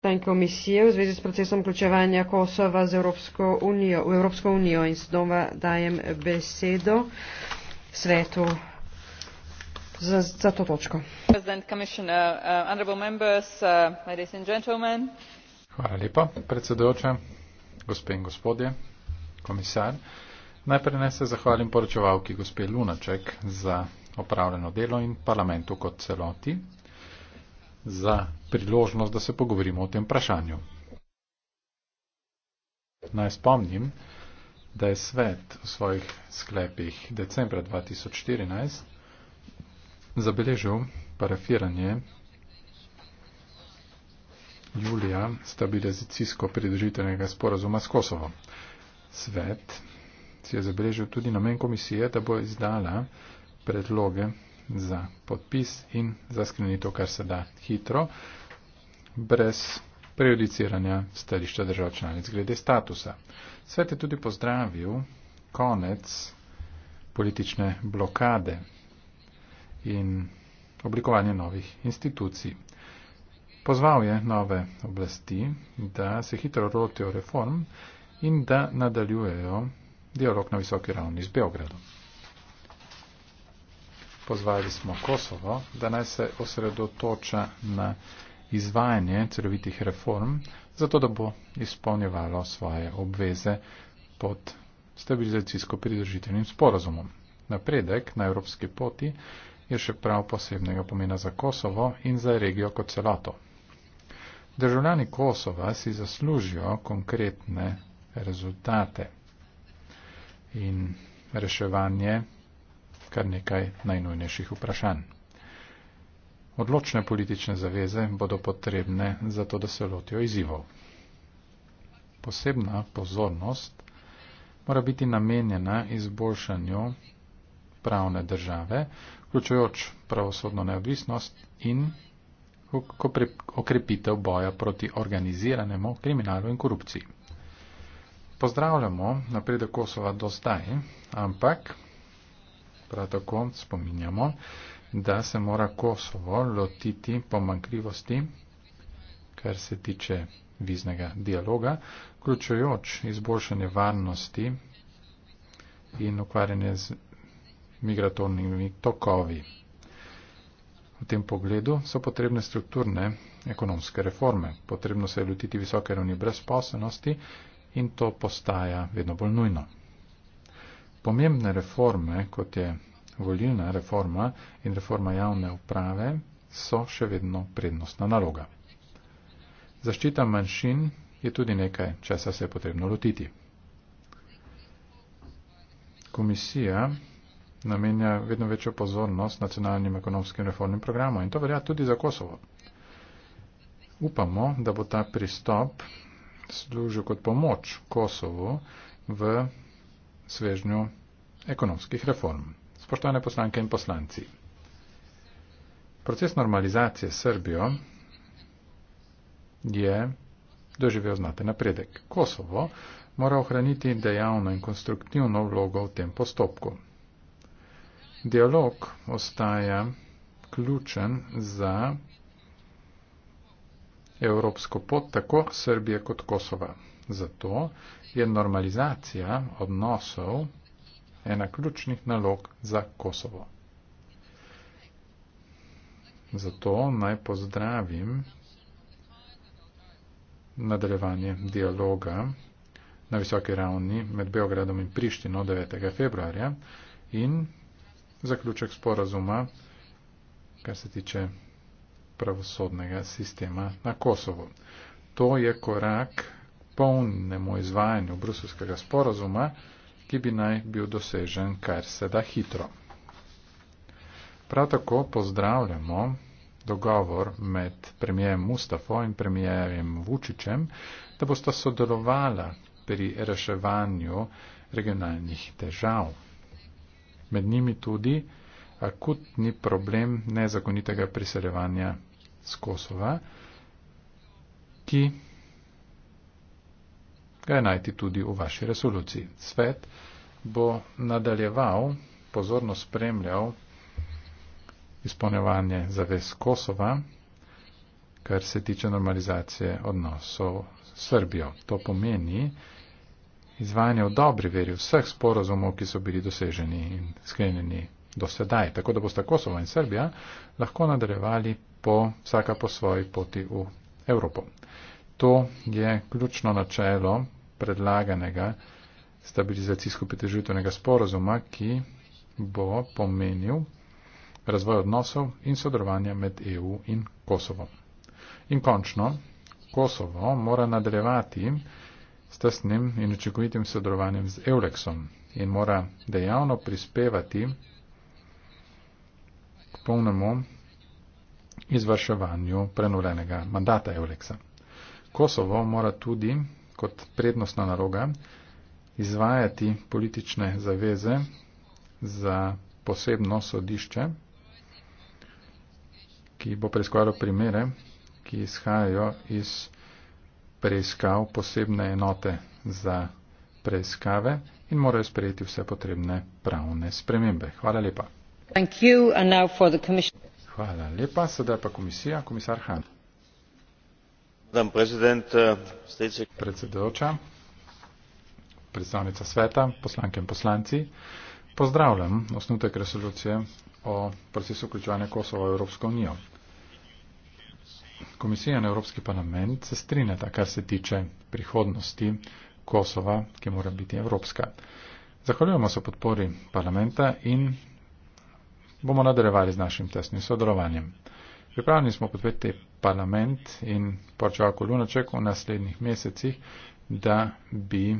Pan komisije w związku z procesem wkluczowania Kosowa z Europejską Unią, w Europejską Unię i znowu daję besedo Svetu za, za to toczko. President, Commissioner, uh, Honorable Members, uh, Ladies and Gentlemen. Hvala lepa, predsedujoče, gospe in gospodje, komisar. Najprej ne se zahvalim poročevalki gospe Lunaček za opravljeno delo in parlamentu kot celoti za priložnost, da se pogovorimo o tem vprašanju. Naj spomnim, da je svet v svojih sklepih decembra 2014 zabeležil parafiranje julija stabilizacijsko pridružitevnega sporazuma s Kosovo. Svet si je zabeležil tudi namen komisije, da bo izdala predloge za podpis in za sklenitev, kar se da hitro, brez prejudiciranja stališča držav članic glede statusa. Svet je tudi pozdravil konec politične blokade in oblikovanje novih institucij. Pozval je nove oblasti, da se hitro rotijo reform in da nadaljujejo dialog na visoki ravni z Beogradom pozvali smo Kosovo, da naj se osredotoča na izvajanje celovitih reform, zato da bo izpolnjevalo svoje obveze pod stabilizacijsko pridržitevnim sporozumom. Napredek na evropski poti je še prav posebnega pomena za Kosovo in za regijo kot celoto. Državljani Kosova si zaslužijo konkretne rezultate in reševanje kar nekaj najnujnejših vprašanj. Odločne politične zaveze bodo potrebne za to, da se lotijo izzivov. Posebna pozornost mora biti namenjena izboljšanju pravne države, vključujoč pravosodno neodvisnost in okrepitev boja proti organiziranemu kriminalu in korupciji. Pozdravljamo napredek Kosova do zdaj, ampak Prav tako spominjamo, da se mora Kosovo lotiti pomankljivosti, kar se tiče viznega dialoga, vključujoč izboljšanje varnosti in ukvarjanje z migratornimi tokovi. V tem pogledu so potrebne strukturne ekonomske reforme. Potrebno se je lotiti visoke ravni brezposobnosti in to postaja vedno bolj nujno pomembne reforme, kot je volilna reforma in reforma javne uprave, so še vedno prednostna naloga. Zaščita manjšin je tudi nekaj, česa se je potrebno lotiti. Komisija namenja vedno večjo pozornost nacionalnim ekonomskim reformnim programom in to velja tudi za Kosovo. Upamo, da bo ta pristop služil kot pomoč Kosovu v svežnju ekonomskih reform. Spoštovane poslanke in poslanci, proces normalizacije Srbijo je doživel znaten napredek. Kosovo mora ohraniti dejavno in konstruktivno vlogo v tem postopku. Dialog ostaja ključen za evropsko pot tako Srbije kot Kosova. Zato je normalizacija odnosov ena ključnih nalog za Kosovo. Zato naj pozdravim nadaljevanje dialoga na visoki ravni med Beogradom in Prištino 9. februarja in zaključek sporazuma, kar se tiče pravosodnega sistema na Kosovo. To je korak polnemu izvajanju brusovskega sporazuma, ki bi naj bil dosežen kar se da hitro. Prav tako pozdravljamo dogovor med premijerjem Mustafo in premijerjem Vučičem, da bosta sodelovala pri reševanju regionalnih težav. Med njimi tudi akutni problem nezakonitega priseljevanja z Kosova, ki ga je najti tudi v vaši resoluciji. Svet bo nadaljeval, pozorno spremljal izpolnjevanje zavez Kosova, kar se tiče normalizacije odnosov s Srbijo. To pomeni izvajanje v dobri veri vseh sporozumov, ki so bili doseženi in sklenjeni do sedaj, tako da bosta Kosovo in Srbija lahko nadaljevali po vsaka po svoji poti v Evropo. To je ključno načelo predlaganega stabilizacijsko-petežitvenega sporozuma, ki bo pomenil razvoj odnosov in sodelovanja med EU in Kosovom. In končno, Kosovo mora nadaljevati s tesnim in očekovitim sodelovanjem z Eulexom in mora dejavno prispevati k polnemu izvrševanju prenovljenega mandata Eulexa. Kosovo mora tudi kot prednostna naloga izvajati politične zaveze za posebno sodišče, ki bo preiskovalo primere, ki izhajajo iz preiskav posebne enote za preiskave in morajo sprejeti vse potrebne pravne spremembe. Hvala lepa. Hvala lepa, sedaj pa komisija, komisar Han. Uh, predsedujoča predstavnica sveta poslanke in poslanci pozdravljam osnutek resolucije o procesu vključevanja kosova v evropsko unijo komisija in evropski parlament se strinjata kar se tiče prihodnosti kosova ki mora biti evropska zahvaljujemo se podpori parlamenta in bomo nadaljevali z našim tesnim sodelovanjem Pripravljeni smo podpreti parlament in Porčevalko Lunaček v naslednjih mesecih, da bi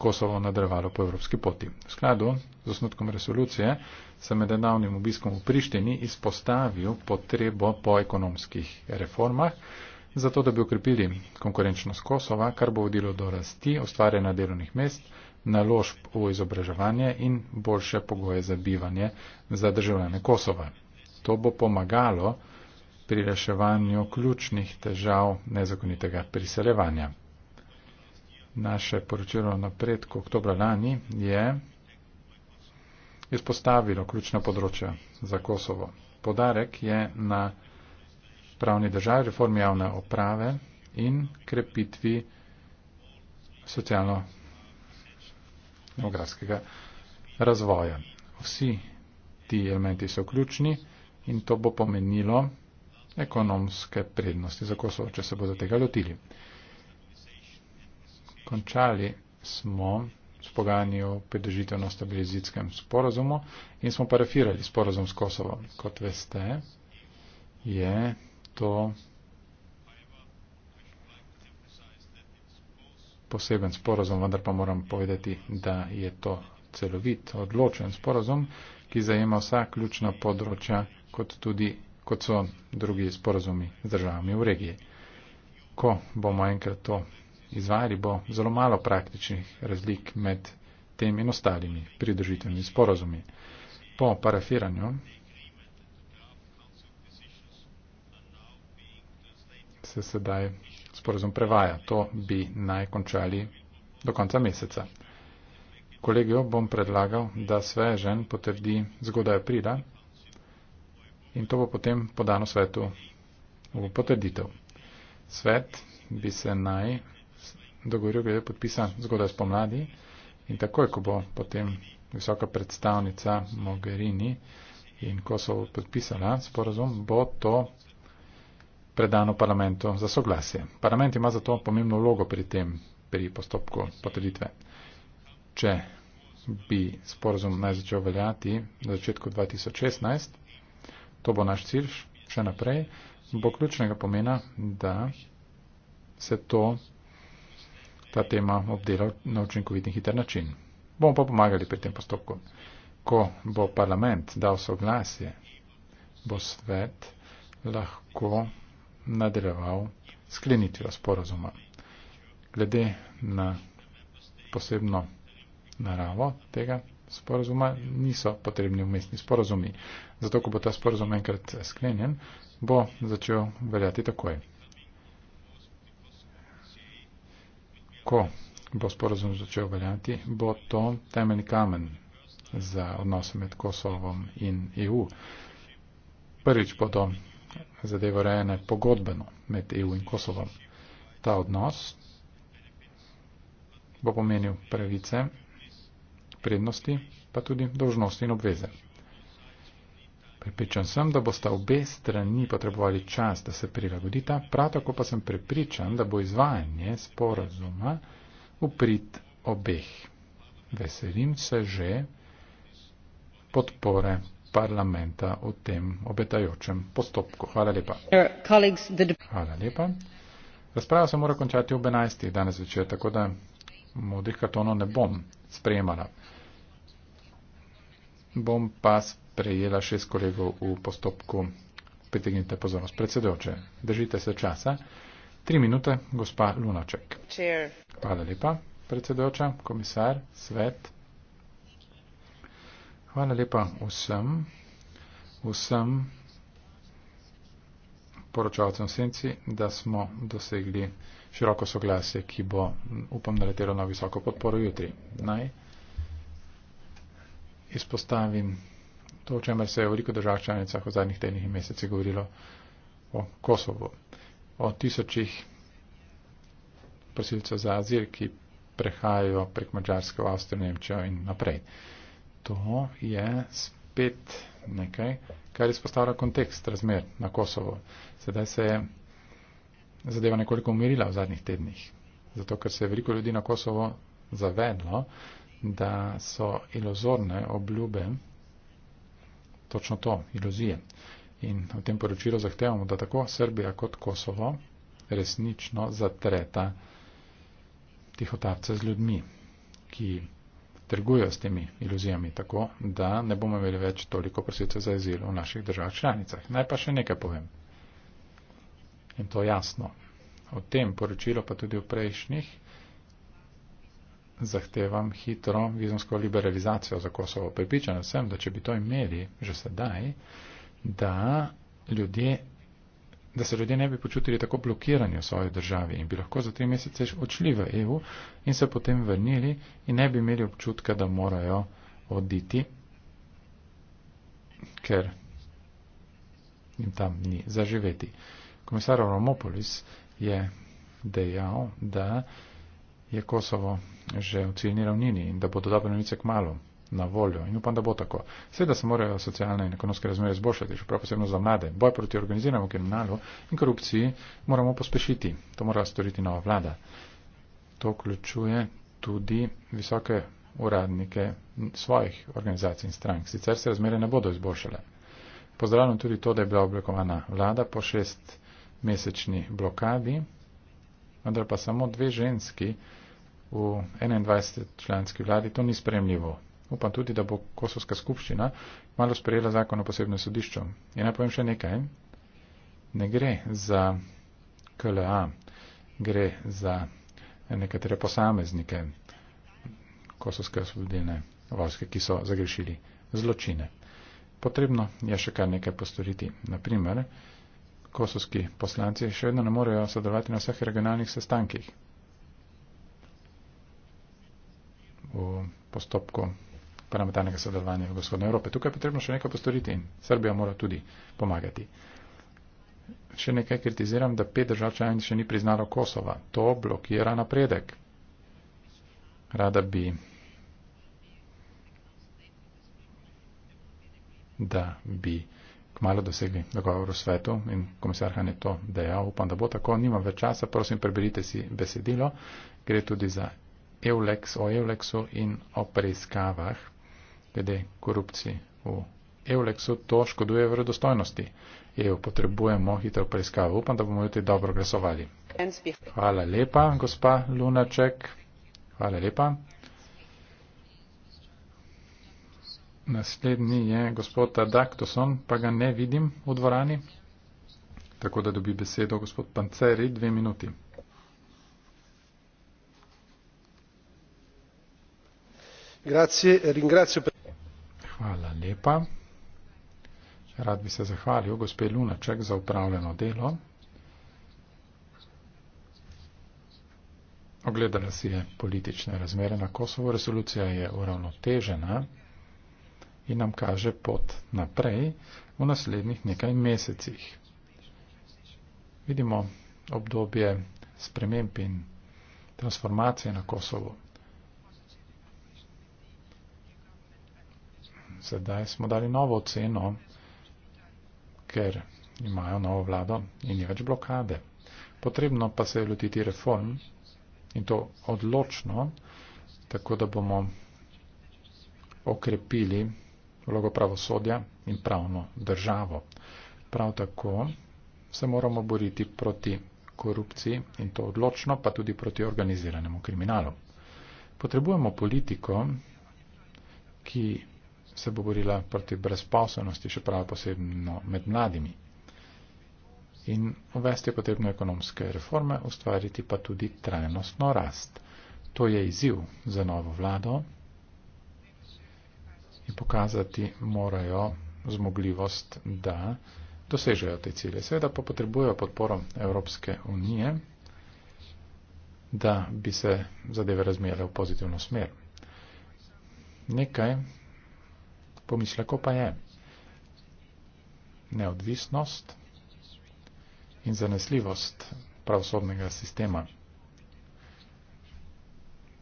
Kosovo nadrevalo po evropski poti. V skladu z osnutkom resolucije sem med nedavnim obiskom v Prištini izpostavil potrebo po ekonomskih reformah, zato da bi okrepili konkurenčnost Kosova, kar bo vodilo do rasti, ustvarjanja delovnih mest, naložb v izobraževanje in boljše pogoje za bivanje za državljane Kosova. To bo pomagalo pri reševanju ključnih težav nezakonitega priseljevanja. Naše poročilo napredku oktobra lani je izpostavilo ključna področja za Kosovo. Podarek je na pravni državi, reformi javne oprave in krepitvi socialno-demografskega razvoja. Vsi ti elementi so ključni in to bo pomenilo, ekonomske prednosti za Kosovo, če se bodo tega lotili. Končali smo s pogajanji o pridržitevno stabilizitskem sporazumu in smo parafirali sporazum s Kosovom. Kot veste, je to poseben sporazum, vendar pa moram povedati, da je to celovit, odločen sporazum, ki zajema vsa ključna področja, kot tudi kot so drugi sporazumi z državami v regiji. Ko bomo enkrat to izvajali, bo zelo malo praktičnih razlik med tem in ostalimi pridružitvenimi sporazumi. Po parafiranju se sedaj sporazum prevaja. To bi naj končali do konca meseca. Kolegijo bom predlagal, da sve žen potrdi zgodaj aprila in to bo potem podano svetu v potreditev. Svet bi se naj dogovoril, glede podpisa zgodaj spomladi in takoj, ko bo potem visoka predstavnica Mogherini in ko so podpisala sporozum, bo to predano parlamentu za soglasje. Parlament ima zato pomembno vlogo pri tem, pri postopku potreditve. Če bi sporozum naj začel veljati na začetku 2016, to bo naš cilj še naprej, bo ključnega pomena, da se to, ta tema obdela na učinkovit in hiter način. Bomo pa pomagali pri tem postopku. Ko bo parlament dal soglasje, bo svet lahko nadaljeval sklenitvijo sporozuma. Glede na posebno naravo tega sporozuma niso potrebni umestni sporozumi. Zato, ko bo ta sporozum enkrat sklenjen, bo začel veljati takoj. Ko bo sporozum začel veljati, bo to temeljni kamen za odnose med Kosovom in EU. Prvič bodo zadeve urejene pogodbeno med EU in Kosovom. Ta odnos bo pomenil pravice prednosti, pa tudi dožnosti in obveze. Pripričan sem, da bosta obe strani potrebovali čas, da se prilagodita, prav tako pa sem pripričan, da bo izvajanje sporazuma uprit obeh. Veselim se že podpore parlamenta v tem obetajočem postopku. Hvala lepa. Hvala lepa. Razprava se mora končati ob 11. danes večer, tako da modrih kartonov ne bom sprejemala bom pa sprejela šest kolegov v postopku petignite pozornost. Predsedoče, držite se časa. Tri minute, gospa Lunaček. Chair. Hvala lepa, predsedoča, komisar, svet. Hvala lepa vsem, vsem poročavcem senci, da smo dosegli široko soglasje, ki bo, upam, naletelo na visoko podporo jutri. Naj izpostavim to, o čemer se je veliko držav članicah v zadnjih tednih in mesecih govorilo o Kosovo. O tisočih prosilcev za azil, ki prehajajo prek Mačarske v Avstrijo, Nemčijo in naprej. To je spet nekaj, kar izpostavlja kontekst razmer na Kosovo. Sedaj se je zadeva nekoliko umirila v zadnjih tednih, zato ker se je veliko ljudi na Kosovo zavedlo, da so iluzorne obljube točno to, iluzije. In v tem poročilu zahtevamo, da tako Srbija kot Kosovo resnično zatreta tihotapce z ljudmi, ki trgujejo s temi iluzijami tako, da ne bomo imeli več toliko prosilcev za azil v naših državah članicah. Naj pa še nekaj povem. In to jasno. O tem poročilo pa tudi v prejšnjih zahtevam hitro vizumsko liberalizacijo za Kosovo. Pripričan sem, da če bi to imeli že sedaj, da, ljudje, da se ljudje ne bi počutili tako blokirani v svoji državi in bi lahko za tri mesece odšli v EU in se potem vrnili in ne bi imeli občutka, da morajo oditi, ker jim tam ni zaživeti. Komisar Romopolis je dejal, da je Kosovo že v ciljni ravnini in da bodo dobre novice k malu na voljo in upam, da bo tako. Seveda se morajo socialne in ekonomske razmere izboljšati, še prav posebno za mlade. Boj proti organiziranemu kriminalu in korupciji moramo pospešiti. To mora storiti nova vlada. To vključuje tudi visoke uradnike svojih organizacij in strank. Sicer se razmere ne bodo izboljšale. Pozdravljam tudi to, da je bila oblikovana vlada po šest mesečni blokadi, vendar pa samo dve ženski v 21. članski vladi, to ni spremljivo. Upam tudi, da bo Kosovska skupščina malo sprejela zakon o posebnem sodišču. In naj povem še nekaj. Ne gre za KLA, gre za nekatere posameznike Kosovske osvobodilne vojske, ki so zagrešili zločine. Potrebno je še kar nekaj postoriti. Naprimer, kosovski poslanci še vedno ne morejo sodelovati na vseh regionalnih sestankih. v postopku parlamentarnega sodelovanja v vzhodne Evrope. Tukaj je potrebno še nekaj postoriti in Srbija mora tudi pomagati. Še nekaj kritiziram, da pet držav članic še ni priznalo Kosova. To blokira napredek. Rada bi, da bi kmalo dosegli dogovor v svetu in komisar Han je to dejal. Upam, da bo tako. Nimam več časa, prosim, preberite si besedilo. Gre tudi za Eulex o Eulexu in o preiskavah glede korupcije v Eulexu, to škoduje vredostojnosti. EU potrebujemo hitro preiskavo. Upam, da bomo jutri dobro glasovali. Hvala lepa, gospa Lunaček. Hvala lepa. Naslednji je gospod Adaktoson, pa ga ne vidim v dvorani. Tako da dobi besedo gospod Panceri, dve minuti. Grazie, ringrazio per... Hvala lepa. Rad bi se zahvalil gospe Lunaček za upravljeno delo. Ogledala si je politične razmere na Kosovo. Resolucija je uravnotežena in nam kaže pot naprej v naslednjih nekaj mesecih. Vidimo obdobje sprememb in transformacije na Kosovo. Sedaj smo dali novo oceno, ker imajo novo vlado in ni več blokade. Potrebno pa se je lotiti reform in to odločno, tako da bomo okrepili vlogo pravosodja in pravno državo. Prav tako se moramo boriti proti korupciji in to odločno, pa tudi proti organiziranemu kriminalu. Potrebujemo politiko, ki se bo borila proti brezposobnosti, še prav posebno med mladimi. In uvesti je potrebno ekonomske reforme, ustvariti pa tudi trajnostno rast. To je izziv za novo vlado in pokazati morajo zmogljivost, da dosežejo te cilje. Seveda pa potrebujejo podporo Evropske unije, da bi se zadeve razmijale v pozitivno smer. Nekaj, pomisleko pa je neodvisnost in zanesljivost pravosodnega sistema.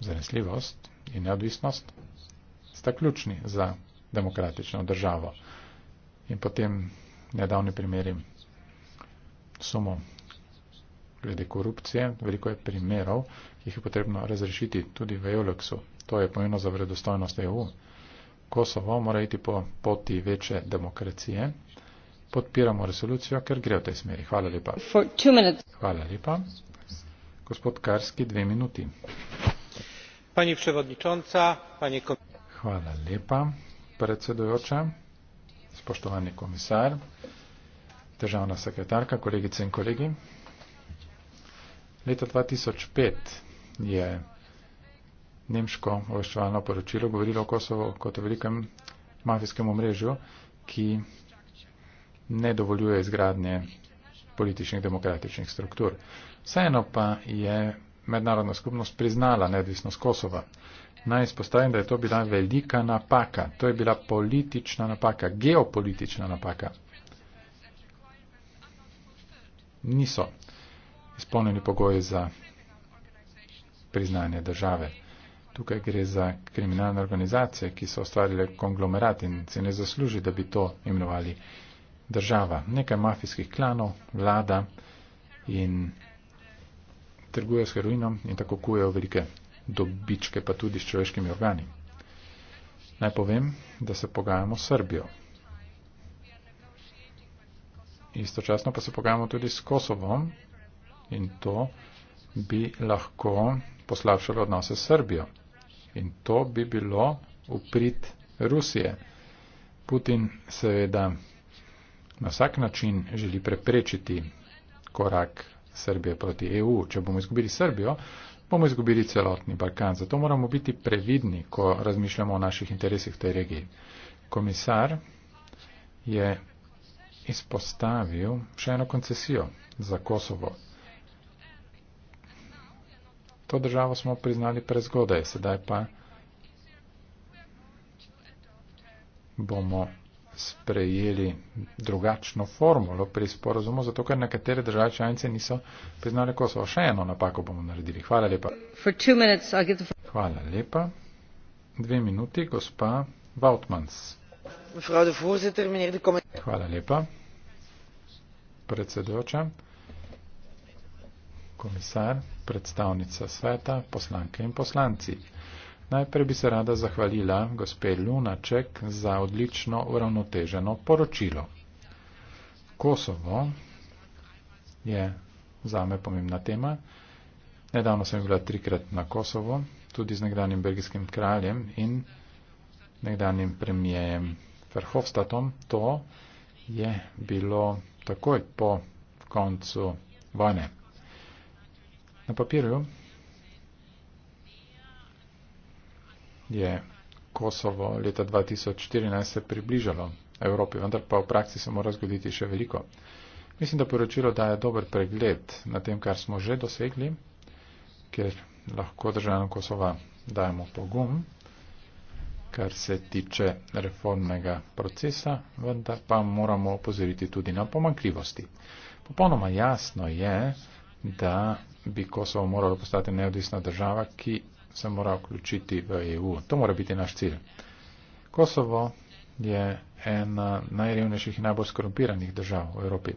Zanesljivost in neodvisnost sta ključni za demokratično državo. In potem nedavni primeri sumo glede korupcije, veliko je primerov, ki jih je potrebno razrešiti tudi v Euleksu. To je pomembno za vredostojnost EU. Kosovo mora iti po poti večje demokracije. Podpiramo resolucijo, ker gre v tej smeri. Hvala lepa. Hvala lepa. Gospod Karski, dve minuti. Pani predsednica, pani komisar. Hvala lepa, predsedujoča, spoštovani komisar, državna sekretarka, kolegice in kolegi. Leta 2005 je nemško obveščevalno poročilo govorilo o Kosovo kot o velikem mafijskem omrežju, ki ne dovoljuje izgradnje političnih demokratičnih struktur. Vseeno pa je mednarodna skupnost priznala neodvisnost Kosova. Naj izpostavim, da je to bila velika napaka. To je bila politična napaka, geopolitična napaka. Niso izpolnjeni pogoji za priznanje države. Tukaj gre za kriminalne organizacije, ki so ustvarile konglomerat in se ne zasluži, da bi to imenovali država. Nekaj mafijskih klanov, vlada in trgujejo s heroinom in tako kujejo velike dobičke, pa tudi s človeškimi organi. Naj povem, da se pogajamo s Srbijo. Istočasno pa se pogajamo tudi s Kosovom in to bi lahko poslavšalo odnose s Srbijo in to bi bilo uprit Rusije. Putin seveda na vsak način želi preprečiti korak Srbije proti EU. Če bomo izgubili Srbijo, bomo izgubili celotni Balkan. Zato moramo biti previdni, ko razmišljamo o naših interesih v tej regiji. Komisar je izpostavil še eno koncesijo za Kosovo to državo smo priznali prezgodaj, sedaj pa bomo sprejeli drugačno formulo pri sporozumu, zato ker nekatere države članice niso priznali Kosovo. Še eno napako bomo naredili. Hvala lepa. Minutes, the... Hvala lepa. Dve minuti, gospa Vautmans. Hvala lepa. Predsedujoča komisar, predstavnica sveta, poslanke in poslanci. Najprej bi se rada zahvalila gospe Lunaček za odlično uravnoteženo poročilo. Kosovo je zame pomembna tema. Nedavno sem bila trikrat na Kosovo, tudi z nekdanjim belgijskim kraljem in nekdanjim premijejem Verhofstadtom. To je bilo takoj po koncu vojne na papirju je Kosovo leta 2014 se približalo Evropi, vendar pa v praksi se mora zgoditi še veliko. Mislim, da poročilo daje dober pregled na tem, kar smo že dosegli, ker lahko državam Kosova dajemo pogum, kar se tiče reformnega procesa, vendar pa moramo opozoriti tudi na pomankljivosti. Popolnoma jasno je, da bi Kosovo moralo postati neodvisna država, ki se mora vključiti v EU. To mora biti naš cilj. Kosovo je ena najrevnejših in najbolj skorumpiranih držav v Evropi.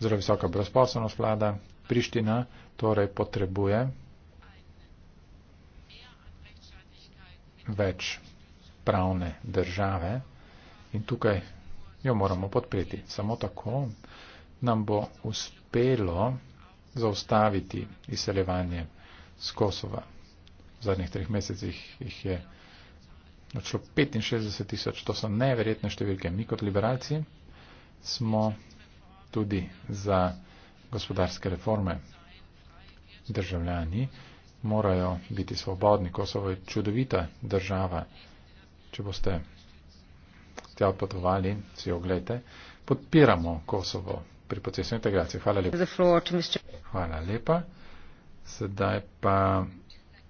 Zelo visoka brezposobnost vlada, Priština torej potrebuje več pravne države in tukaj jo moramo podpreti. Samo tako nam bo uspelo zaustaviti izseljevanje z Kosova. V zadnjih treh mesecih jih je odšlo 65 tisoč, to so neverjetne številke. Mi kot liberalci smo tudi za gospodarske reforme. Državljani morajo biti svobodni. Kosovo je čudovita država. Če boste tja potovali, si oglejte, podpiramo Kosovo pri procesu integracije. Hvala lepa. Hvala lepa. Sedaj pa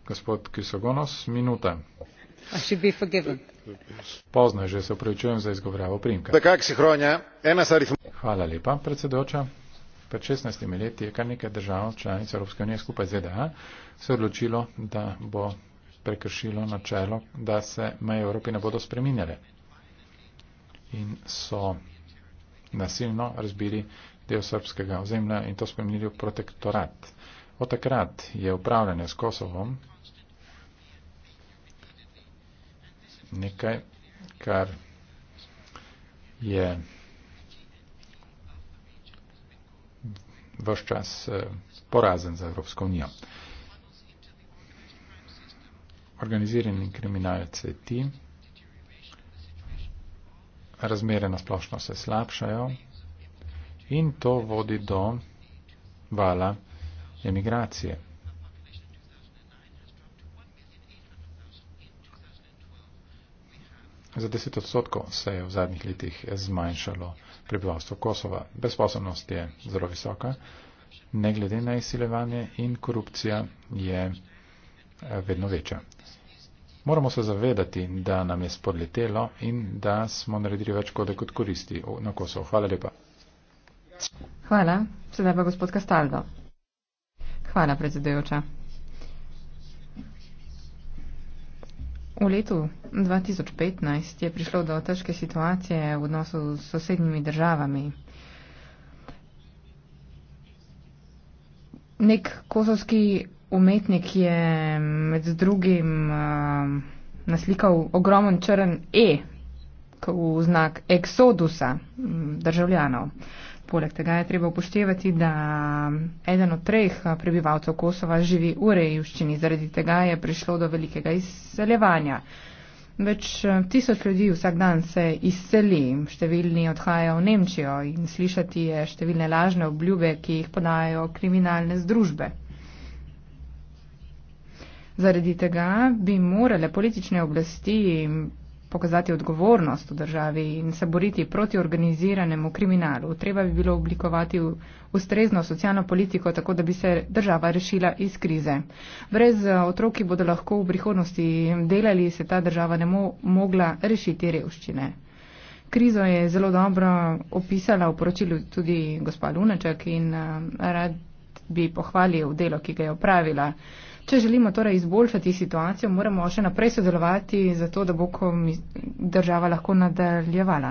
gospod Kisogonos, minuta. Pozno je že, se upravičujem za izgovorjavo primka. Hvala lepa, predsedoča. Pred 16 leti je kar nekaj držav, članic Evropske unije skupaj z ZDA, se odločilo, da bo prekršilo načelo, da se meje Evropi ne bodo spreminjale. In so nasilno razbili del srpskega ozemlja in to spremenili v protektorat. Od takrat je upravljanje s Kosovom nekaj, kar je vse čas eh, porazen za Evropsko unijo. Organizirani kriminalci ti razmere nasplošno se slabšajo in to vodi do vala emigracije. Za 10 odstotkov se je v zadnjih letih zmanjšalo prebivalstvo Kosova. Brezposobnost je zelo visoka, ne glede na izsilevanje in korupcija je eh, vedno večja. Moramo se zavedati, da nam je spodletelo in da smo naredili več kode kot koristi na Kosovo. Hvala lepa. Hvala. Sedaj pa gospod Kastaldo. Hvala, predsedujoča. V letu 2015 je prišlo do težke situacije v odnosu s sosednjimi državami. Nek kosovski Umetnik je mm, med drugim uh, naslikal ogromen črn E v znak eksodusa mm, državljanov. Poleg tega je treba upoštevati, da eden od treh eh, prebivalcev Kosova živi v rejuščini, zaradi tega je prišlo do velikega izseljevanja. Več eh, tisoč ljudi vsak dan se izseli, številni odhajajo v Nemčijo in slišati je številne lažne obljube, ki jih podajo kriminalne združbe. Zaradi tega bi morale politične oblasti pokazati odgovornost v državi in se boriti proti organiziranemu kriminalu. Treba bi bilo oblikovati ustrezno socialno politiko, tako da bi se država rešila iz krize. Brez eh, otrok, ki bodo lahko v prihodnosti delali, se ta država ne mo mogla rešiti revščine. Krizo je zelo dobro opisala v poročilu tudi gospa Lunaček in eh, rad bi pohvalil delo, ki ga je opravila. Če želimo torej izboljšati situacijo, moramo še naprej sodelovati, zato da bo država lahko nadaljevala.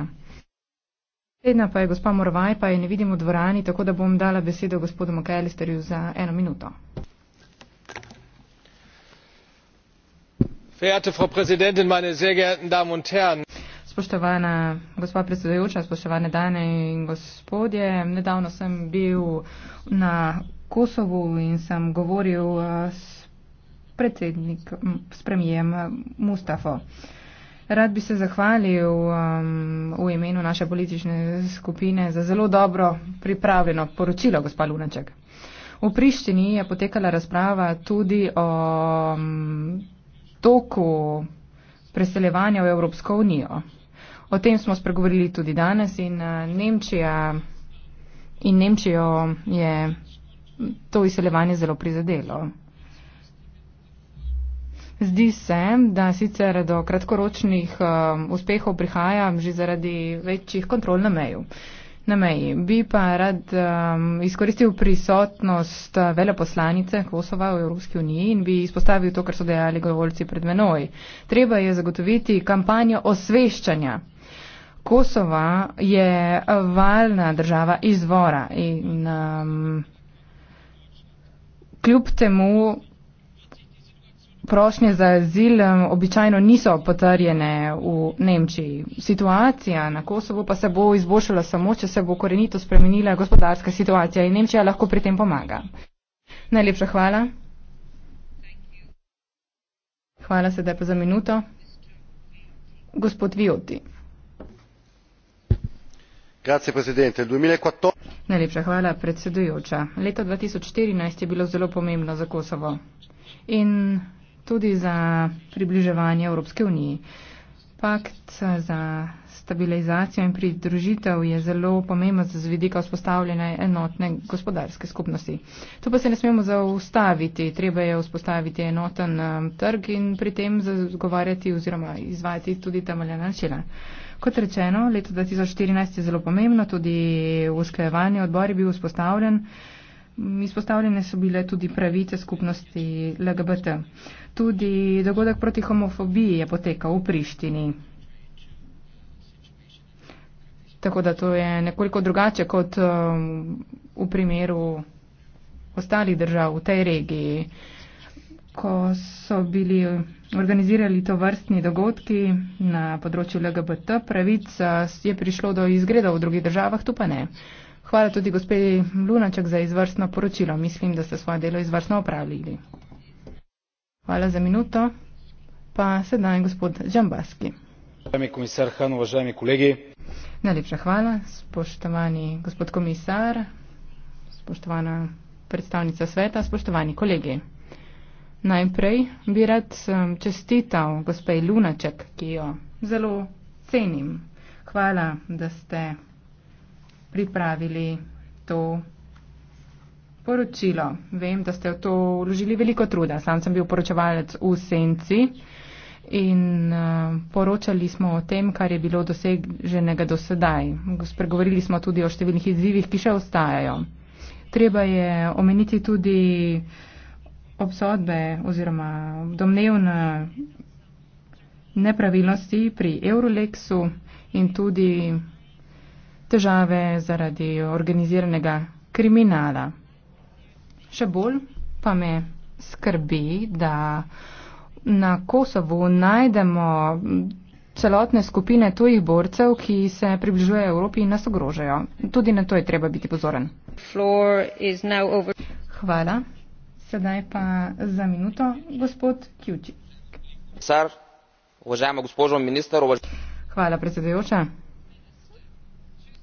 Sedna pa je gospa Morvaj, pa je ne vidim v dvorani, tako da bom dala besedo gospodu Makelisterju za eno minuto. Spoštovana gospa predsedujoča, spoštovane dane in gospodje, nedavno sem bil na Kosovu in sem govoril eh, s predsednik s premijem Mustafo. Rad bi se zahvalil um, v imenu naše politične skupine za zelo dobro pripravljeno poročilo, gospa Lunaček. V Prištini je potekala razprava tudi o um, toku preseljevanja v Evropsko unijo. O tem smo spregovorili tudi danes in uh, Nemčija in Nemčijo je to izseljevanje zelo prizadelo. Zdi se, da sicer do kratkoročnih um, uspehov prihaja že zaradi večjih kontrol na meju. Na meji bi pa rad um, izkoristil prisotnost uh, veleposlanice Kosova v Evropski uniji in bi izpostavil to, kar so dejali govorci pred menoj. Treba je zagotoviti kampanjo osveščanja. Kosova je valna država izvora in um, kljub temu prošnje za azil običajno niso potrjene v Nemčiji. Situacija na Kosovo pa se bo izboljšala samo, če se bo korenito spremenila gospodarska situacija in Nemčija lahko pri tem pomaga. Najlepša hvala. Hvala sedaj pa za minuto. Gospod Vioti. Grazie, predsednik. 2014. Najlepša hvala, predsedujoča. Leto 2014 je bilo zelo pomembno za Kosovo. In tudi za približevanje Evropske unije. Pakt za stabilizacijo in pridružitev je zelo pomemben z vidika vzpostavljene enotne gospodarske skupnosti. To pa se ne smemo zaustaviti, treba je vzpostaviti enoten um, trg in pri tem zagovarjati oziroma izvajati tudi temeljena načela. Kot rečeno, leto 2014 je zelo pomembno, tudi usklajevanje odbor je bil vzpostavljen. Izpostavljene so bile tudi pravice skupnosti LGBT. Tudi dogodek proti homofobiji je potekal v Prištini. Tako da to je nekoliko drugače kot um, v primeru ostalih držav v tej regiji. Ko so bili organizirali to vrstni dogodki na področju LGBT pravic, je prišlo do izgreda v drugih državah, tu pa ne. Hvala tudi gospodi Lunaček za izvrstno poročilo. Mislim, da ste svoje delo izvrstno opravili. Hvala za minuto. Pa sedaj gospod Džambaski. Hvala, komisar Han, uvažajmi kolegi. Najlepša hvala, spoštovani gospod komisar, spoštovana predstavnica sveta, spoštovani kolegi. Najprej bi rad um, čestital gospej Lunaček, ki jo zelo cenim. Hvala, da ste pripravili to poročilo. Vem, da ste v to vložili veliko truda. Sam sem bil poročevalec v Senci in eh, poročali smo o tem, kar je bilo doseženega do sedaj. Spregovorili smo tudi o številnih izzivih, ki še ostajajo. Treba je omeniti tudi obsodbe oziroma domnevne nepravilnosti pri Euroleksu in tudi težave zaradi organiziranega kriminala. Še bolj pa me skrbi, da na Kosovu najdemo celotne skupine tujih borcev, ki se približujejo Evropi in nas ogrožajo. Tudi na to je treba biti pozoren. Hvala. Sedaj pa za minuto, gospod Kjuči. Sir, uvažajmo gospodžo ministra. Hvala, predsedujoča.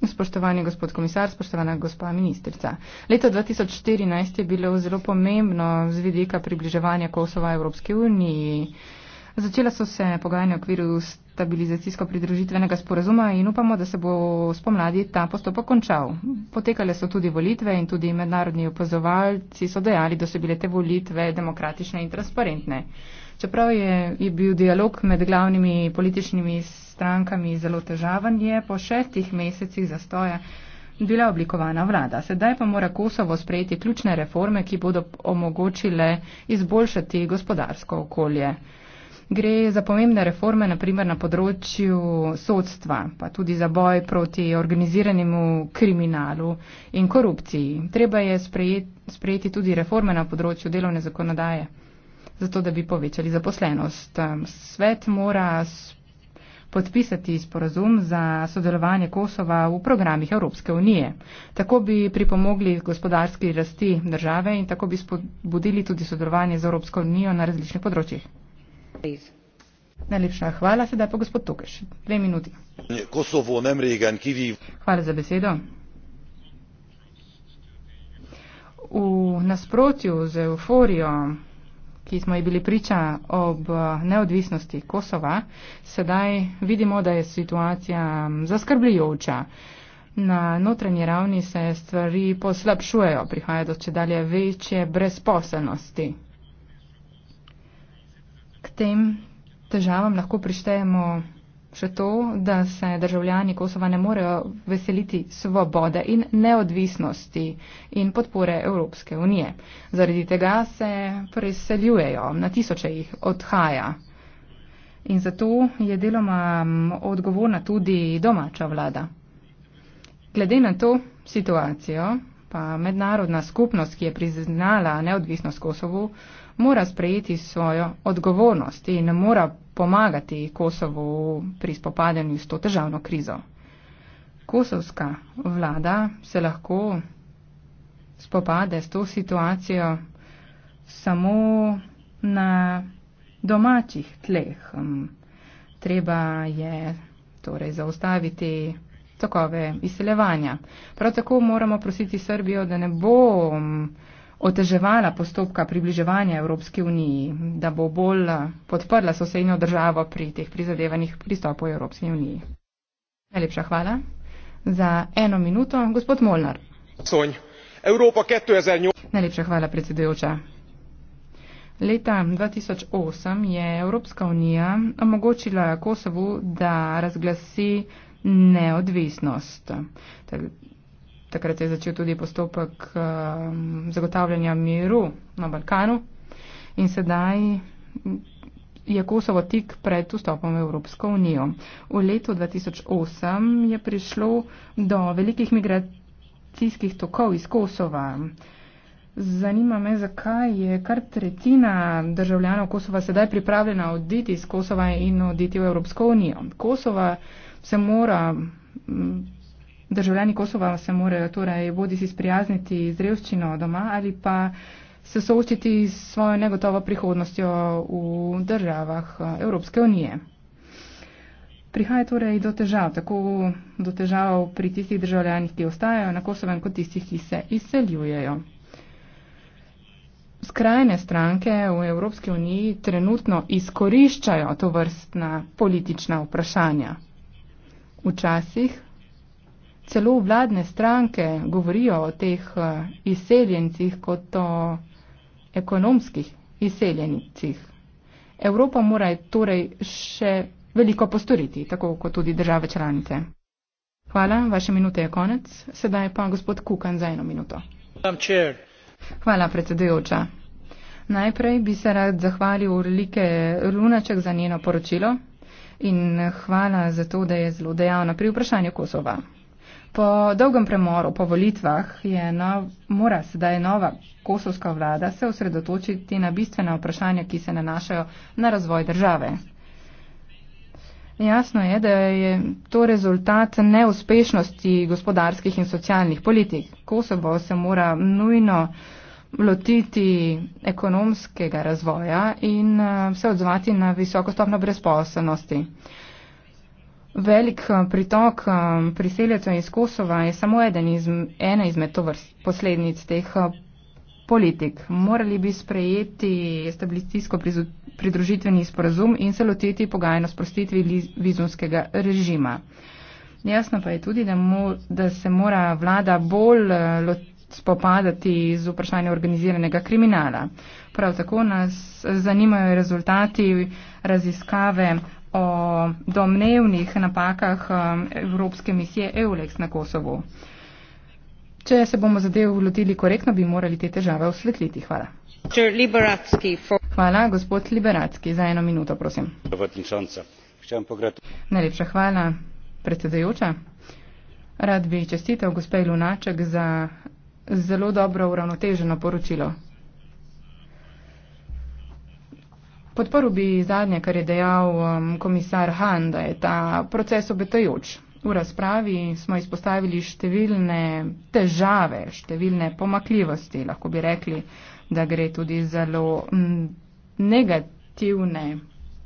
Spoštovani gospod komisar, spoštovana gospa ministrica. Leto 2014 je bilo zelo pomembno z vidika približevanja Kosova Evropski uniji. Začela so se pogajanja v okviru stabilizacijsko pridružitvenega sporazuma in upamo, da se bo spomladi ta postopek končal. Potekale so tudi volitve in tudi mednarodni opazovalci so dejali, da so bile te volitve demokratične in transparentne. Čeprav je, je bil dialog med glavnimi političnimi strankami zelo težaven, je po šestih mesecih zastoja bila oblikovana vlada. Sedaj pa mora Kosovo sprejeti ključne reforme, ki bodo omogočile izboljšati gospodarsko okolje. Gre za pomembne reforme, naprimer na področju sodstva, pa tudi za boj proti organiziranemu kriminalu in korupciji. Treba je sprejeti, sprejeti tudi reforme na področju delovne zakonodaje, zato da bi povečali zaposlenost. Svet mora s podpisati sporazum za sodelovanje Kosova v programih Evropske unije. Tako bi pripomogli gospodarski rasti države in tako bi spodbudili tudi sodelovanje z Evropsko unijo na različnih področjih. Please. Najlepša hvala, sedaj pa gospod Tukeš. Dve minuti. Kosovo, Nemregan, Kivi. Hvala za besedo. V nasprotju z euforijo ki smo ji bili priča ob eh, neodvisnosti Kosova, sedaj vidimo, da je situacija mm, zaskrbljujoča. Na notranji ravni se stvari poslabšujejo, prihaja do čedalje večje brezposelnosti. K tem težavam lahko prištejemo še to, da se državljani Kosova ne morejo veseliti svobode in neodvisnosti in podpore Evropske unije. Zaradi tega se preseljujejo, na tisoče jih odhaja. In zato je deloma odgovorna tudi domača vlada. Glede na to situacijo, pa mednarodna skupnost, ki je priznala neodvisnost Kosovu, mora sprejeti svojo odgovornost in mora pomagati Kosovu pri spopadanju s to državno krizo. Kosovska vlada se lahko spopade s to situacijo samo na domačih tleh. Um, treba je torej zaustaviti tokove izseljevanja. Prav tako moramo prositi Srbijo, da ne bo um, oteževala postopka približevanja Evropski uniji, da bo bolj eh, podprla sosednjo državo pri teh prizadevanjih pristopu Evropski uniji. Najlepša hvala. Za eno minuto, gospod Molnar. Sonj. Evropa, kje to je za njo? Najlepša hvala, predsedujoča. Leta 2008 je Evropska unija omogočila Kosovu, da razglasi neodvisnost takrat je začel tudi postopek um, zagotavljanja miru na Balkanu in sedaj je Kosovo tik pred vstopom v Evropsko unijo. V letu 2008 je prišlo do velikih migracijskih tokov iz Kosova. Zanima me, zakaj je kar tretjina državljanov Kosova sedaj pripravljena oditi iz Kosova in oditi v Evropsko unijo. Kosova se mora Državljani Kosova se morajo torej bodi si sprijazniti z revščino doma ali pa se soočiti s svojo negotovo prihodnostjo v državah eh, Evropske unije. Prihaja torej do težav, tako do težav pri tistih državljanih, ki ostajajo na Kosovem, kot tistih, ki se izseljujejo. Skrajne stranke v Evropski uniji trenutno izkoriščajo to vrstna politična vprašanja. Včasih celo vladne stranke govorijo o teh eh, izseljencih kot o ekonomskih izseljencih. Evropa mora torej še veliko postoriti, tako kot tudi države članice. Hvala, vaše minute je konec. Sedaj pa gospod Kukan za eno minuto. Hvala, predsedujoča. Najprej bi se rad zahvalil Rlike Runaček za njeno poročilo in hvala za to, da je zelo dejavna pri vprašanju Kosova. Po dolgem premoru, po volitvah, je no, mora sedaj nova kosovska vlada se osredotočiti na bistvena vprašanja, ki se nanašajo na razvoj države. Jasno je, da je to rezultat neuspešnosti gospodarskih in socialnih politik. Kosovo se mora nujno lotiti ekonomskega razvoja in eh, se odzvati na visoko stopno brezposobnosti. Velik eh, pritok eh, priseljecev iz Kosova je samo iz, ena izmed tovrst poslednic teh eh, politik. Morali bi sprejeti stabilitijsko pridružitveni sporazum in se lotiti pogajanja sprostitvi vizumskega režima. Jasno pa je tudi, da, mo, da se mora vlada bolj spopadati z vprašanjem organiziranega kriminala. Prav tako nas zanimajo rezultati raziskave o domnevnih napakah um, Evropske misije EULEX na Kosovo. Če se bomo zadev lotili korektno, bi morali te težave osvetliti. Hvala. Hvala, gospod Liberacki. Za eno minuto, prosim. Najlepša hvala, predsedajoča. Rad bi čestitev gospe Lunaček za zelo dobro uravnoteženo poročilo. Podporu bi zadnje, kar je dejal um, komisar Han, da je ta proces obetajoč. V razpravi smo izpostavili številne težave, številne pomakljivosti, lahko bi rekli, da gre tudi zelo negativne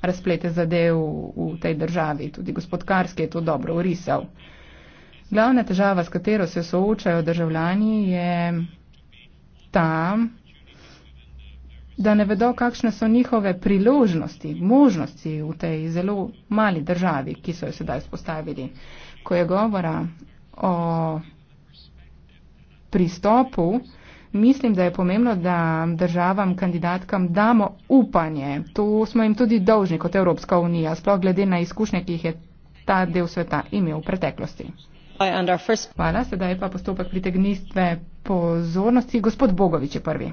razplete zadev v tej državi. Tudi gospod Karski je to dobro urisal. Glavna težava, s katero se soočajo državljani, je ta, da ne vedo, kakšne so njihove priložnosti, možnosti v tej zelo mali državi, ki so jo sedaj spostavili. Ko je govora o pristopu, mislim, da je pomembno, da državam, kandidatkam damo upanje. To smo jim tudi dolžni kot Evropska unija, sploh glede na izkušnje, ki jih je ta del sveta imel v preteklosti. Hvala, sedaj pa postopek pritegnitve pozornosti. Gospod Bogovič je prvi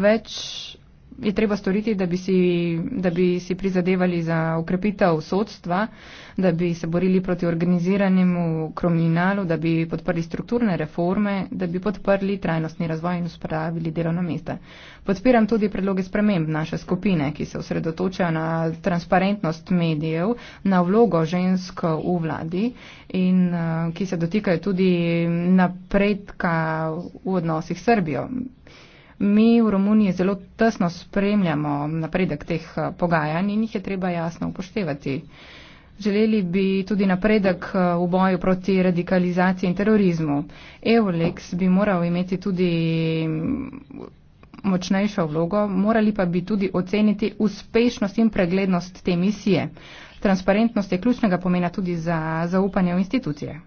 več je treba storiti, da bi, si, da bi si prizadevali za ukrepitev sodstva, da bi se borili proti organiziranemu kriminalu, da bi podprli strukturne reforme, da bi podprli trajnostni razvoj in uspravili delovna mesta. Podpiram tudi predloge sprememb naše skupine, ki se osredotočajo na transparentnost medijev, na vlogo žensk v vladi in eh, ki se dotikajo tudi napredka v odnosih s Srbijo. Mi v Romuniji zelo tesno spremljamo napredek teh eh, pogajanj in jih je treba jasno upoštevati. Želeli bi tudi napredek eh, v boju proti radikalizaciji in terorizmu. Eulex bi moral imeti tudi mm, močnejšo vlogo, morali pa bi tudi oceniti uspešnost in preglednost te misije. Transparentnost je ključnega pomena tudi za zaupanje v institucije.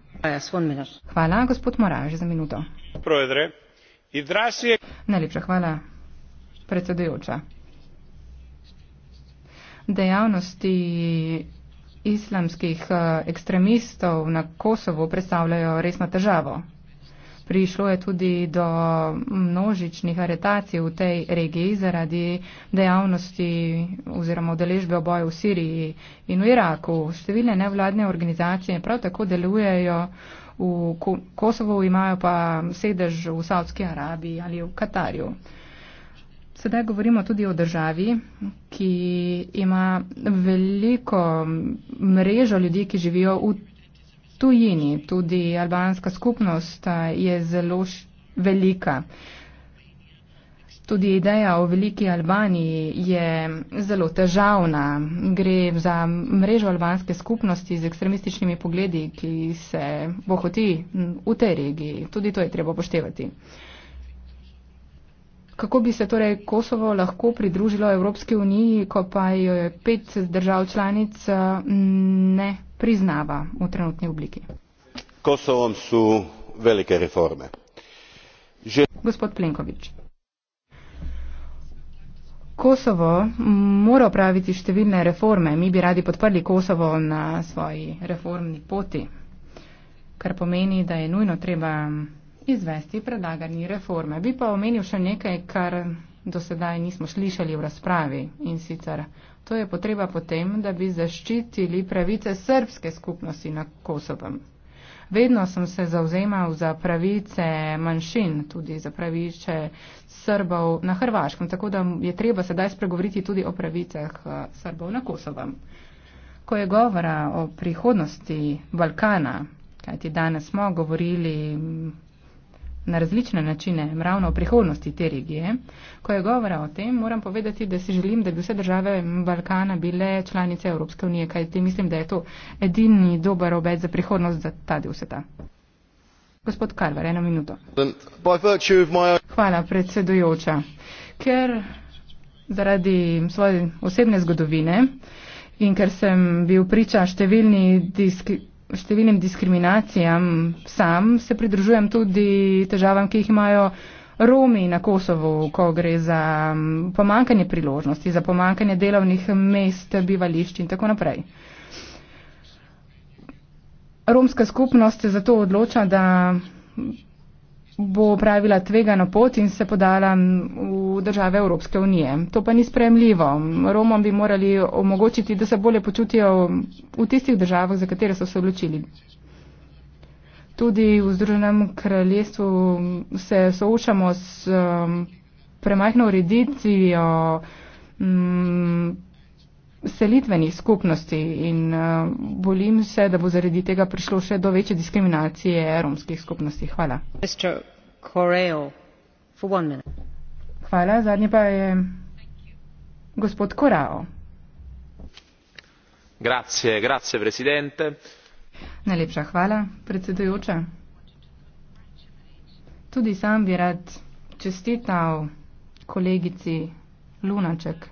Hvala, gospod Moraž, za minuto. Projedre. Najlepša hvala, predsedujoča. Dejavnosti islamskih eh, ekstremistov na Kosovo predstavljajo resno težavo. Prišlo je tudi do množičnih aretacij v tej regiji zaradi dejavnosti oziroma udeležbe oboja v Siriji in v Iraku. Številne nevladne organizacije prav tako delujejo v Kosovo imajo pa sedež v Saudski Arabiji ali v Katarju. Sedaj govorimo tudi o državi, ki ima veliko mrežo ljudi, ki živijo v tujini. Tudi albanska skupnost je zelo velika. Tudi ideja o veliki Albaniji je zelo težavna. Gre za mrežo albanske skupnosti z ekstremističnimi pogledi, ki se bohoti v tej regiji. Tudi to je treba poštevati. Kako bi se torej Kosovo lahko pridružilo Evropske uniji, ko pa jo je pet držav članic mm, ne priznava v trenutni obliki? Kosovom su velike reforme. Že... Gospod Plenković. Kosovo mora opraviti številne reforme. Mi bi radi podprli Kosovo na svoji reformni poti, kar pomeni, da je nujno treba izvesti predlagani reforme. Bi pa omenil še nekaj, kar do sedaj nismo slišali v razpravi in sicer to je potreba potem, da bi zaščitili pravice srpske skupnosti na Kosovem. Vedno sem se zauzemal za pravice manjšin, tudi za pravice Srbov na Hrvaškem, tako da je treba sedaj spregovoriti tudi o pravicah eh, Srbov na Kosovem. Ko je govora o prihodnosti Balkana, kajti danes smo govorili na različne načine ravno o prihodnosti te regije. Ko je govora o tem, moram povedati, da si želim, da bi vse države Balkana bile članice Evropske unije, kajti mislim, da je to edini dober obet za prihodnost za ta del sveta. Gospod Karver, eno minuto. Hvala, predsedujoča. Ker zaradi svoje osebne zgodovine in ker sem bil priča številni diskriminacij, številnim diskriminacijam, sam se pridružujem tudi težavam, ki jih imajo Romi na Kosovo, ko gre za pomankanje priložnosti, za pomankanje delovnih mest, bivališč in tako naprej. Romska skupnost se zato odloča, da bo pravila tvegano pot in se podala v države Evropske unije. To pa ni spremljivo. Romom bi morali omogočiti, da se bolje počutijo v tistih državah, za katere so se odločili. Tudi v Združenem kraljestvu se soočamo s premajhno ureditvijo selitvenih skupnosti in uh, bolim se, da bo zaradi tega prišlo še do večje diskriminacije romskih skupnosti. Hvala. Hvala, zadnji pa je gospod Korao. Grazie, grazie, presidente. Najlepša hvala, predsedujoča. Tudi sam bi rad čestital kolegici Lunaček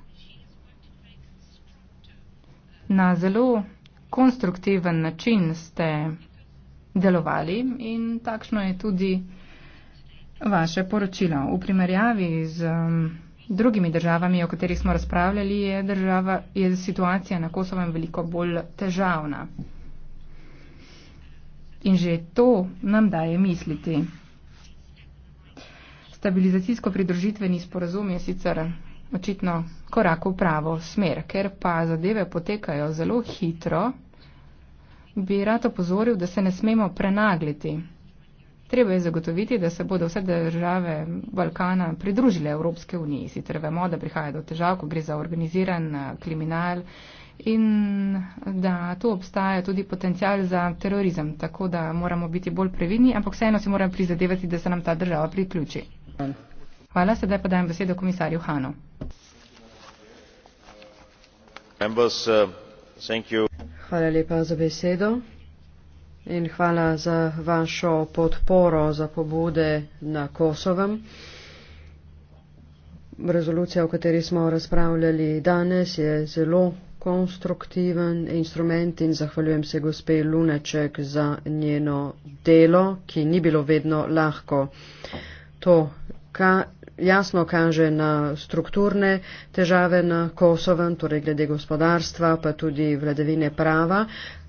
na zelo konstruktiven način ste delovali in takšno je tudi vaše poročilo. V primerjavi z um, drugimi državami, o katerih smo razpravljali, je, država, je situacija na Kosovem veliko bolj težavna. In že to nam daje misliti. Stabilizacijsko pridružitveni sporazum je sicer očitno korak v pravo smer, ker pa zadeve potekajo zelo hitro, bi rad opozoril, da se ne smemo prenagliti. Treba je zagotoviti, da se bodo vse države Balkana pridružile Evropske unije, sicer vemo, da prihaja do težav, ko gre za organiziran eh, kriminal in da tu obstaja tudi potencial za terorizem, tako da moramo biti bolj previdni, ampak vseeno si moramo prizadevati, da se nam ta država priključi. Hvala. Sedaj pa dajem besedo komisarju Hanu. Uh, hvala lepa za besedo in hvala za vašo podporo za pobude na Kosovem. Rezolucija, o kateri smo razpravljali danes, je zelo konstruktiven instrument in zahvaljujem se gospe Luneček za njeno delo, ki ni bilo vedno lahko. To, jasno kaže na strukturne težave na Kosovem, torej glede gospodarstva, pa tudi vladavine prava,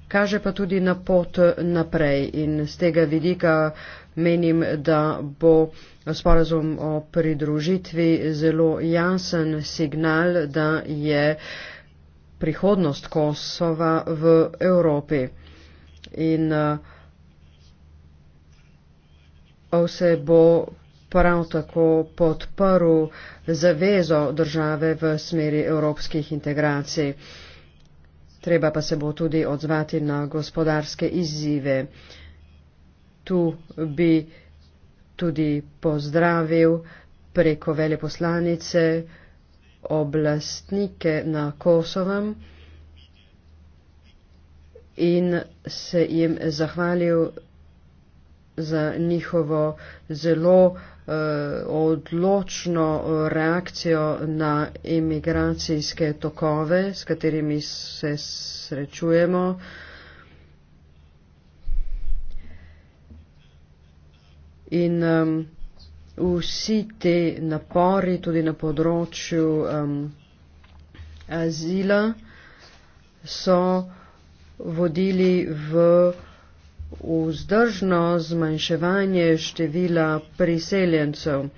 kaže pa tudi na pot naprej in z tega vidika menim, da bo sporazum o pridružitvi zelo jasen signal, da je prihodnost Kosova v Evropi. In uh, eh, se bo prav tako podprl zavezo države v smeri evropskih integracij. Treba pa se bo tudi odzvati na gospodarske izzive. Tu bi tudi pozdravil preko veleposlanice oblastnike na Kosovem in se jim zahvalil za njihovo zelo eh, odločno eh, reakcijo na imigracijske tokove, s katerimi se srečujemo. In um, vsi ti napori tudi na področju um, azila so vodili v vzdržno zmanjševanje števila priseljencev.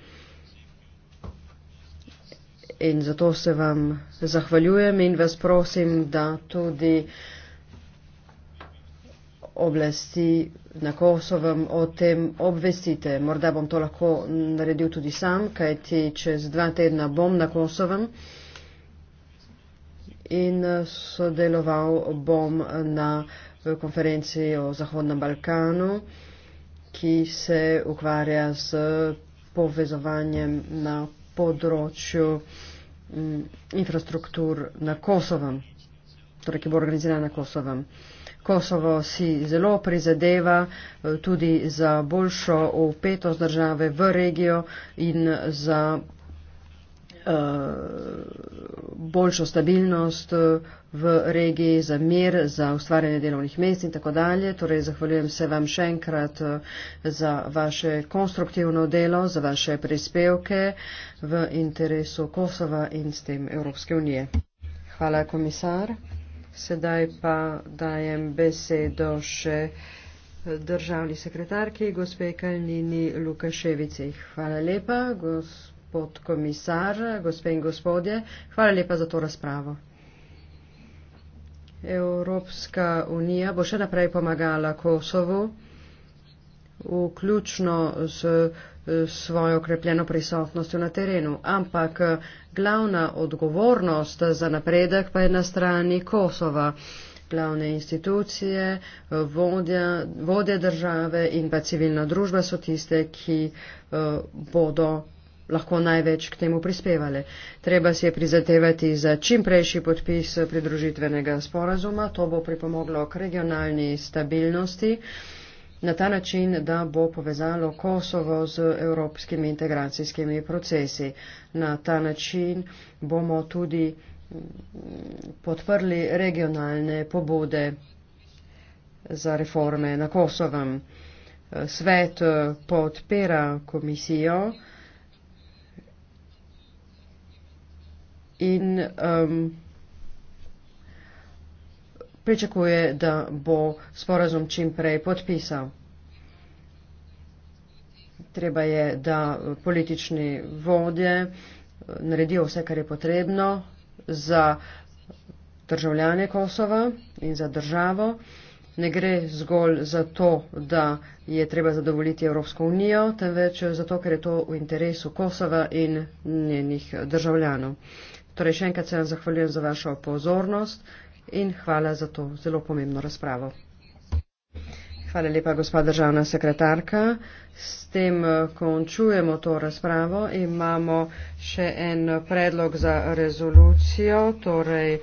In zato se vam zahvaljujem in vas prosim, da tudi oblasti na Kosovem o tem obvestite. Morda bom to lahko naredil tudi sam, kajti čez dva tedna bom na Kosovem in eh, sodeloval bom na konferenci o Zahodnem Balkanu, ki se ukvarja z povezovanjem na področju mm, infrastruktur na Kosovem, torej ki bo organizirana na Kosovem. Kosovo si zelo prizadeva eh, tudi za boljšo upetost države v regijo in za Eh, boljšo stabilnost eh, v regiji, za mir, za ustvarjanje delovnih mest in tako dalje. Torej, zahvaljujem se vam še enkrat eh, za vaše konstruktivno delo, za vaše prispevke v interesu Kosova in s tem Evropske unije. Hvala, komisar. Sedaj pa dajem besedo še državni sekretarki, gospe Kalnini Lukaševici. Hvala lepa. Gos podkomisar, gospe in gospodje. Hvala lepa za to razpravo. Evropska unija bo še naprej pomagala Kosovu, vključno s svojo okrepljeno prisotnostjo na terenu. Ampak glavna odgovornost za napredek pa je na strani Kosova. Glavne institucije, vodja, vodje države in pa civilna družba so tiste, ki eh, bodo lahko največ k temu prispevale. Treba si je prizadevati za čimprejši podpis pridružitvenega sporazuma, to bo pripomoglo k regionalni stabilnosti na ta način, da bo povezalo Kosovo z evropskimi integracijskimi procesi. Na ta način bomo tudi mm, podprli regionalne pobude za reforme na Kosovem. Svet eh, podpira komisijo, in um, pričakuje, da bo sporazum čim prej podpisal. Treba je, da politični vodje uh, naredijo vse, kar je potrebno za državljane Kosova in za državo. Ne gre zgolj za to, da je treba zadovoljiti Evropsko unijo, temveč zato, ker je to v interesu Kosova in njenih državljanov. Torej, še enkrat se vam zahvaljujem za vašo pozornost in hvala za to zelo pomembno razpravo. Hvala lepa, gospod državna sekretarka. S tem eh, končujemo to razpravo. Imamo še en predlog za rezolucijo. Torej